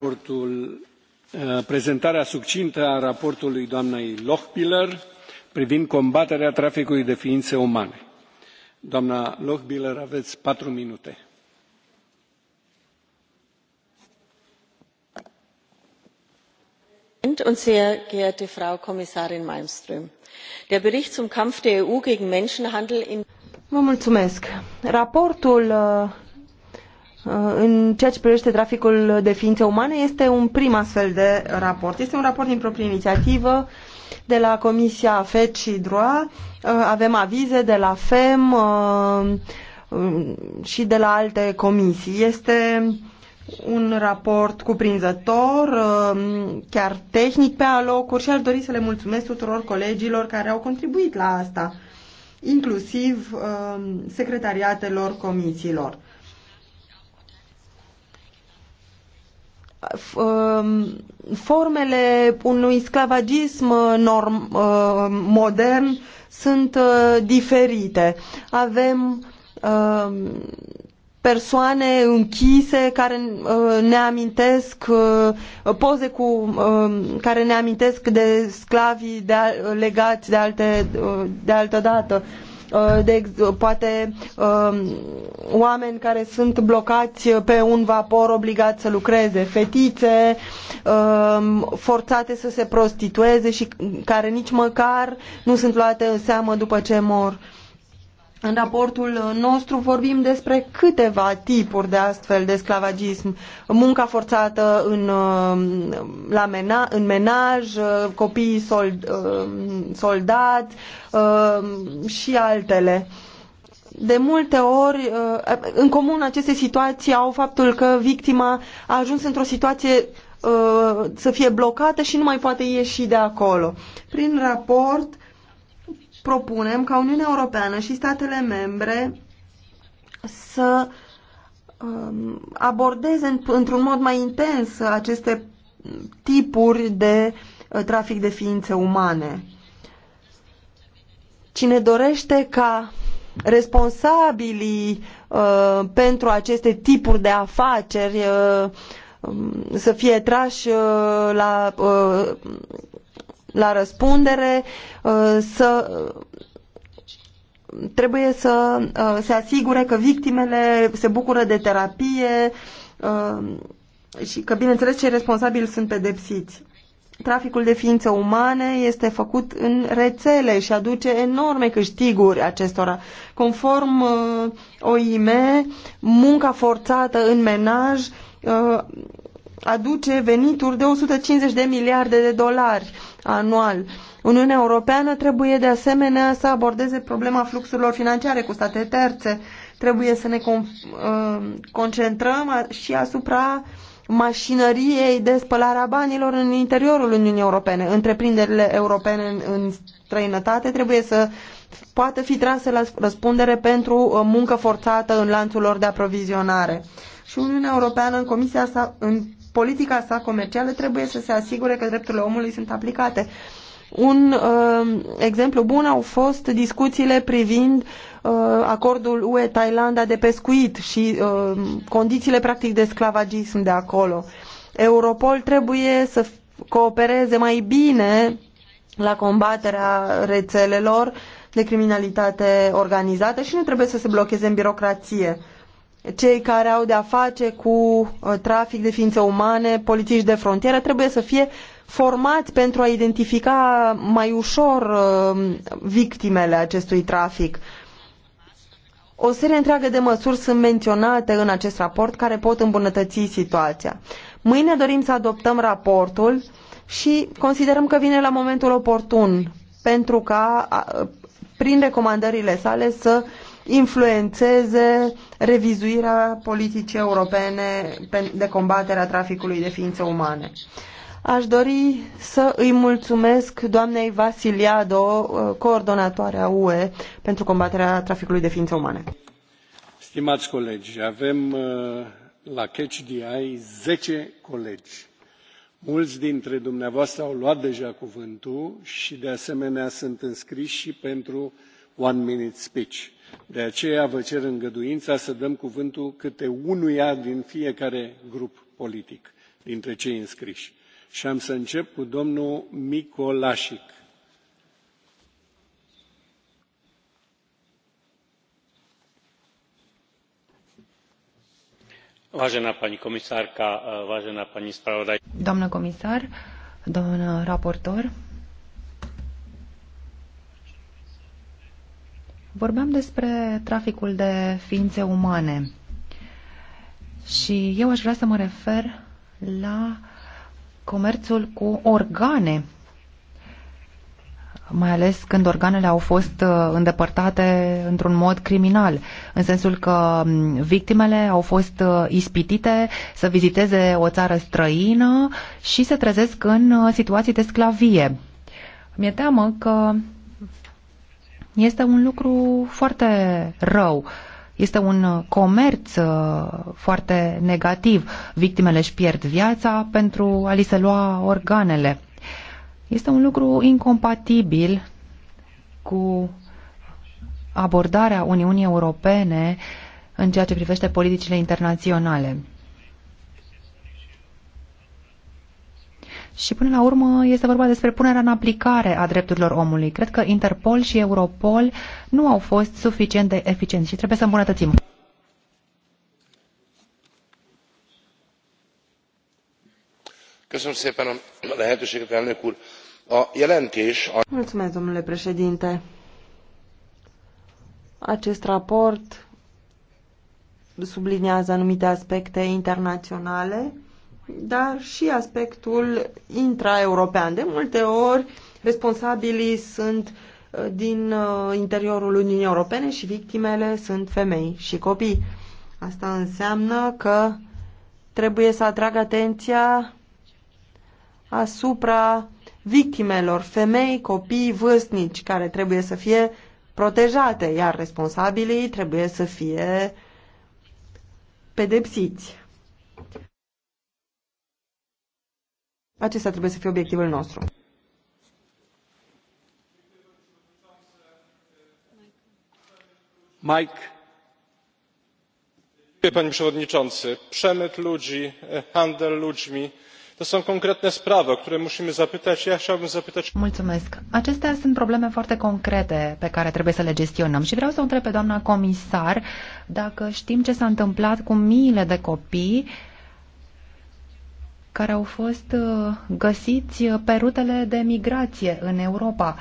raportul, uh, prezentarea succintă a raportului doamnei lochbihler privind combaterea traficului de ființe umane. Doamna lochbihler aveți patru minute. und sehr geehrte Frau Kommissarin Malmström. Der Bericht zum Kampf der EU gegen Menschenhandel in Vă mulțumesc. Raportul uh, Uh, în ceea ce privește traficul de ființe umane, este un prim astfel de raport. Este un raport din proprie inițiativă de la Comisia FED și DROA. Uh, avem avize de la FEM uh, și de la alte comisii. Este un raport cuprinzător, chiar tehnic pe alocuri și aș dori să le mulțumesc tuturor colegilor care au contribuit la asta, inclusiv secretariatelor comisiilor. Um, formele unui sclavagism uh, norm, uh, modern sunt uh, diferite. Avem um, persoane închise care ne amintesc poze cu um, care ne amintesc de sclavii de, legați de alte de altă dată Uh, de, uh, poate uh, oameni care sunt blocați pe un vapor obligat să lucreze, fetițe forțate să se prostitueze și care nici măcar nu sunt luate în seamă după ce mor în raportul nostru vorbim despre câteva tipuri de astfel de sclavagism. Munca forțată în, uh, la mena, în menaj, uh, copiii sold, uh, soldați și altele. De multe ori, în comun aceste situații au faptul că victima a ajuns într-o situație să fie blocată și nu mai poate ieși de acolo. Prin raport propunem ca Uniunea Europeană și statele membre să um, abordeze într-un mod mai intens aceste tipuri de uh, trafic de ființe umane. Cine dorește ca responsabilii uh, pentru aceste tipuri de afaceri uh, um, să fie trași uh, la uh, la răspundere, uh, să trebuie să uh, se asigure că victimele se bucură de terapie uh, și că, bineînțeles, cei responsabili sunt pedepsiți. Traficul de ființe umane este făcut în rețele și aduce enorme câștiguri acestora. Conform OIM, munca forțată în menaj aduce venituri de 150 de miliarde de dolari anual. Uniunea Europeană trebuie de asemenea să abordeze problema fluxurilor financiare cu state terțe. Trebuie să ne uh, concentrăm și asupra mașinăriei de spălare a banilor în interiorul Uniunii Europene. Întreprinderile europene în străinătate trebuie să poată fi trase la răspundere pentru uh, muncă forțată în lanțul lor de aprovizionare. Și Uniunea Europeană în comisia sa, în politica sa comercială trebuie să se asigure că drepturile omului sunt aplicate. Un uh, exemplu bun au fost discuțiile privind uh, acordul UE-Thailanda de pescuit și uh, condițiile practic de sclavagism de acolo. Europol trebuie să coopereze mai bine la combaterea rețelelor de criminalitate organizată și nu trebuie să se blocheze în birocrație. Uh, cei care au de-a face cu uh, trafic de ființe umane, polițiști de frontieră, trebuie să fie formați pentru a identifica mai ușor uh, victimele acestui trafic. O serie întreagă de măsuri sunt menționate în acest raport care pot îmbunătăți situația. Mâine dorim să adoptăm raportul și considerăm că vine la momentul oportun pentru ca prin recomandările sale să uh, influențeze revizuirea politicii europene de combatere a traficului de ființe umane. Aș dori să îi mulțumesc doamnei Vasiliado, coordonatoarea UE pentru combaterea traficului de ființe umane. Stimați colegi, avem uh, la Catch DI 10 colegi. Mulți dintre dumneavoastră au luat deja cuvântul și de asemenea sunt înscriși și pentru one minute speech. De aceea vă cer îngăduința să dăm cuvântul câte unuia din fiecare grup politic, dintre cei înscriși. Și am să încep cu domnul Micolașic. vážená pani komisárka vážená pani spravodajkyňa doamnă comisar doamnă raportor Vorbeam despre traficul de ființe umane și eu aș vrea să mă refer la comerțul cu organe, mai ales când organele au fost uh, îndepărtate într-un mod criminal, în sensul că victimele au fost uh, ispitite să viziteze o țară străină și se trezesc în uh, situații de sclavie. Mi-e teamă că este un lucru foarte rău. Este un comerț uh, foarte negativ. Victimele își pierd viața pentru a li se lua organele. Este un lucru incompatibil cu abordarea Uniunii Europene în ceea ce privește politicile internaționale. Și până la urmă este vorba despre punerea în aplicare a drepturilor omului. Cred că Interpol și Europol nu au fost suficient de eficienți și trebuie să îmbunătățim. Mulțumesc, domnule președinte. Acest raport subliniază anumite aspecte internaționale dar și aspectul intraeuropean. De multe ori, responsabilii sunt uh, din uh, interiorul Uniunii Europene și victimele sunt femei și copii. Asta înseamnă că trebuie să atrag atenția asupra victimelor, femei, copii, vârstnici, care trebuie să fie protejate, iar responsabilii trebuie să fie pedepsiți. Acesta trebuie să fie obiectivul nostru. Mike. Panie Przewodniczący! Przemyt ludzi, handel ludźmi to są konkretne sprawy, o które musimy zapytać. Ja chciałbym zapytać... Mulțumesc. Acestea sunt probleme foarte concrete pe care trebuie să le gestionăm și vreau să o întreb pe doamna comisar dacă știm ce s-a întâmplat cu miile de copii care au fost uh, găsiți pe rutele de migrație în Europa.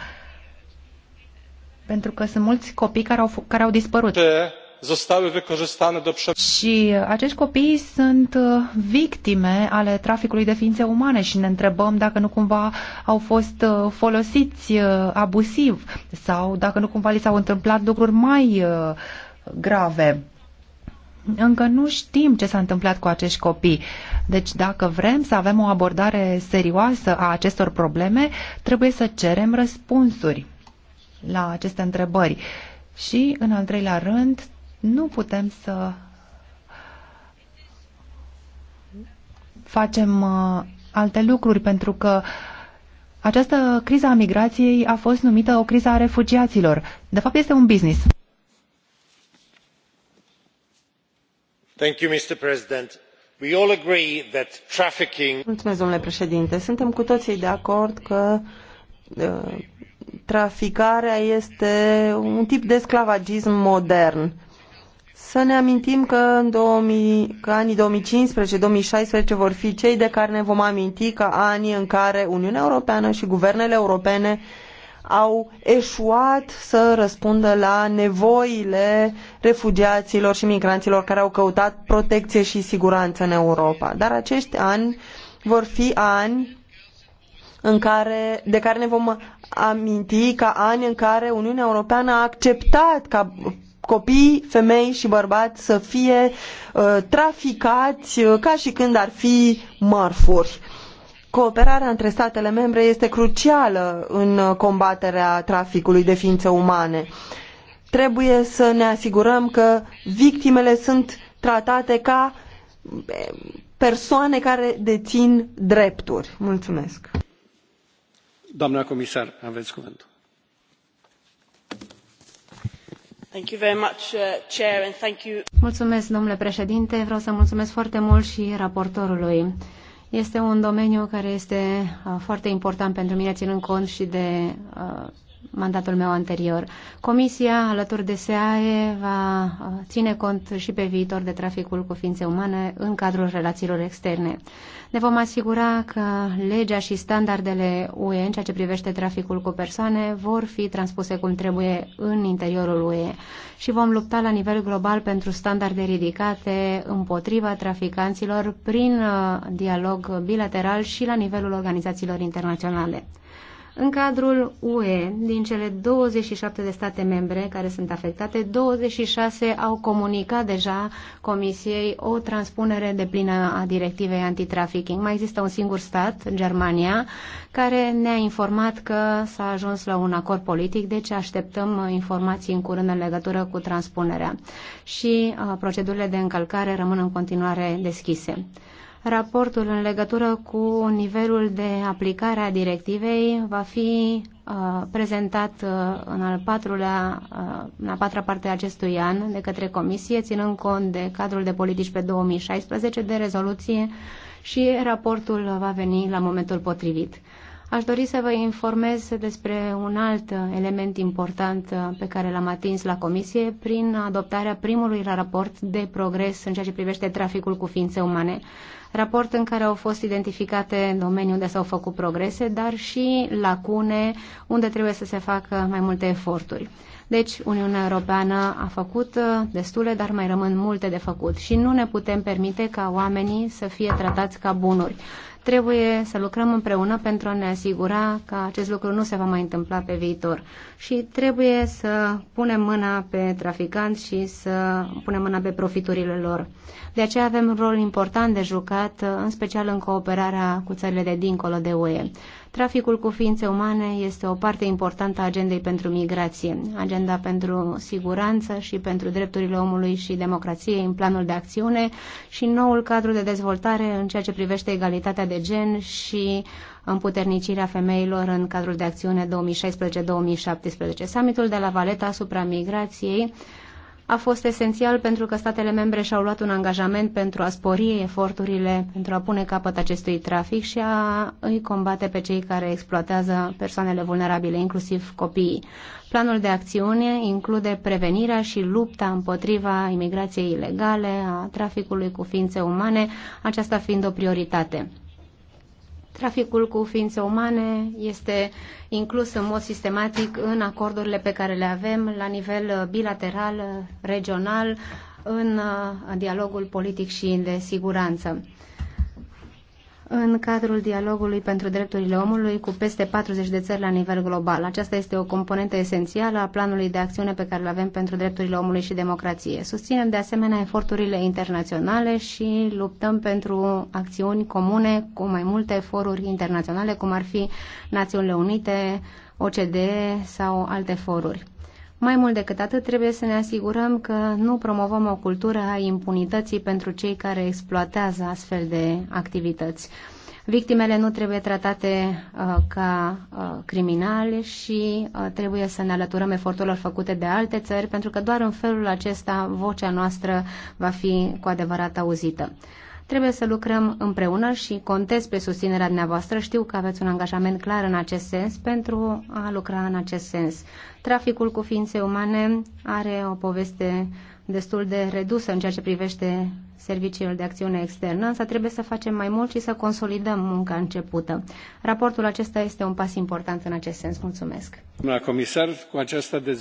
Pentru că sunt mulți copii care au, care au dispărut. Și acești copii sunt uh, victime ale traficului de ființe umane și ne întrebăm dacă nu cumva au fost uh, folosiți abusiv sau dacă nu cumva li s-au întâmplat lucruri mai grave încă nu știm ce s-a întâmplat cu acești copii. Deci dacă vrem să avem o abordare serioasă a acestor probleme, trebuie să cerem răspunsuri la aceste întrebări. Și, în al treilea rând, nu putem să facem uh, alte lucruri, pentru că această criză a migrației a fost numită o criză a refugiaților. De fapt, este un business. Mulțumesc, domnule președinte suntem cu toții de acord că uh, traficarea este un tip de sclavagism modern. Să ne amintim că în 2000, că anii 2015-2016 vor fi cei de care ne vom aminti ca anii în care Uniunea Europeană și guvernele europene au eșuat să răspundă la nevoile refugiaților și migranților care au căutat protecție și siguranță în Europa. Dar acești ani vor fi ani în care, de care ne vom aminti ca ani în care Uniunea Europeană a acceptat ca copii, femei și bărbați să fie uh, traficați uh, ca și când ar fi mărfuri. Uh, Cooperarea între statele membre este crucială în combaterea traficului de ființe umane. Trebuie să ne asigurăm că victimele sunt tratate ca persoane care dețin drepturi. Mulțumesc. Doamna comisar, aveți cuvântul. Uh, mulțumesc, domnule președinte vreau să mulțumesc foarte mult și raportorului. Este un domeniu care este uh, foarte important pentru mine, ținând cont și de uh, mandatul meu anterior. Comisia, alături de SEAE, va uh, ține cont și pe viitor de traficul cu ființe umane în cadrul relațiilor externe. Ne vom asigura că legea și standardele UE în ceea ce privește traficul cu persoane vor fi transpuse cum trebuie în interiorul UE și vom lupta la nivel global pentru standarde ridicate împotriva traficanților prin uh, dialog bilateral și la nivelul organizațiilor internaționale. În cadrul UE, din cele 27 de state membre care sunt afectate, 26 au comunicat deja Comisiei o transpunere de plină a directivei antitrafficking. Mai există un singur stat, Germania, care ne-a informat că s-a ajuns la un acord politic, deci așteptăm informații în curând în legătură cu transpunerea. Și uh, procedurile de încălcare rămân în continuare deschise. Raportul în legătură cu nivelul de aplicare a directivei va fi uh, prezentat uh, în, al patrulea, uh, în a patra parte a acestui an de către Comisie, ținând cont de cadrul de politici pe 2016, de rezoluție și raportul va veni la momentul potrivit. Aș dori să vă informez despre un alt element important pe care l-am atins la comisie prin adoptarea primului raport de progres în ceea ce privește traficul cu ființe umane, raport în care au fost identificate domenii unde s-au făcut progrese, dar și lacune unde trebuie să se facă mai multe eforturi. Deci, Uniunea Europeană a făcut destule, dar mai rămân multe de făcut și nu ne putem permite ca oamenii să fie tratați ca bunuri. Trebuie să lucrăm împreună pentru a ne asigura că acest lucru nu se va mai întâmpla pe viitor. Și trebuie să punem mâna pe traficanți și să punem mâna pe profiturile lor. De aceea avem un rol important de jucat, în special în cooperarea cu țările de dincolo de UE. Traficul cu ființe umane este o parte importantă a agendei pentru migrație, agenda pentru siguranță și pentru drepturile omului și democrație în planul de acțiune și noul cadru de dezvoltare în ceea ce privește egalitatea de gen și împuternicirea femeilor în cadrul de acțiune 2016-2017. Summitul de la Valeta asupra migrației a fost esențial pentru că statele membre și-au luat un angajament pentru a spori eforturile pentru a pune capăt acestui trafic și a îi combate pe cei care exploatează persoanele vulnerabile, inclusiv copiii. Planul de acțiune include prevenirea și lupta împotriva imigrației ilegale, a traficului cu ființe umane, aceasta fiind o prioritate. Traficul cu ființe umane este inclus în mod sistematic în acordurile pe care le avem la nivel uh, bilateral, uh, regional, în uh, dialogul politic și de siguranță în cadrul dialogului pentru drepturile omului cu peste 40 de țări la nivel global. Aceasta este o componentă esențială a planului de acțiune pe care îl avem pentru drepturile omului și democrație. Susținem de asemenea eforturile internaționale și luptăm pentru acțiuni comune cu mai multe foruri internaționale, cum ar fi Națiunile Unite, OCDE sau alte foruri. Mai mult decât atât, trebuie să ne asigurăm că nu promovăm o cultură a impunității pentru cei care exploatează astfel de activități. Victimele nu trebuie tratate uh, ca uh, criminale și uh, trebuie să ne alăturăm eforturilor făcute de alte țări, pentru că doar în felul acesta vocea noastră va fi cu adevărat auzită. Trebuie să lucrăm împreună și contez pe susținerea dumneavoastră. Știu că aveți un angajament clar în acest sens pentru a lucra în acest sens. Traficul cu ființe umane are o poveste destul de redusă în ceea ce privește serviciul de acțiune externă, însă trebuie să facem mai mult și să consolidăm munca începută. Raportul acesta este un pas important în acest sens. Mulțumesc. Doamna comisar, cu această dezbatere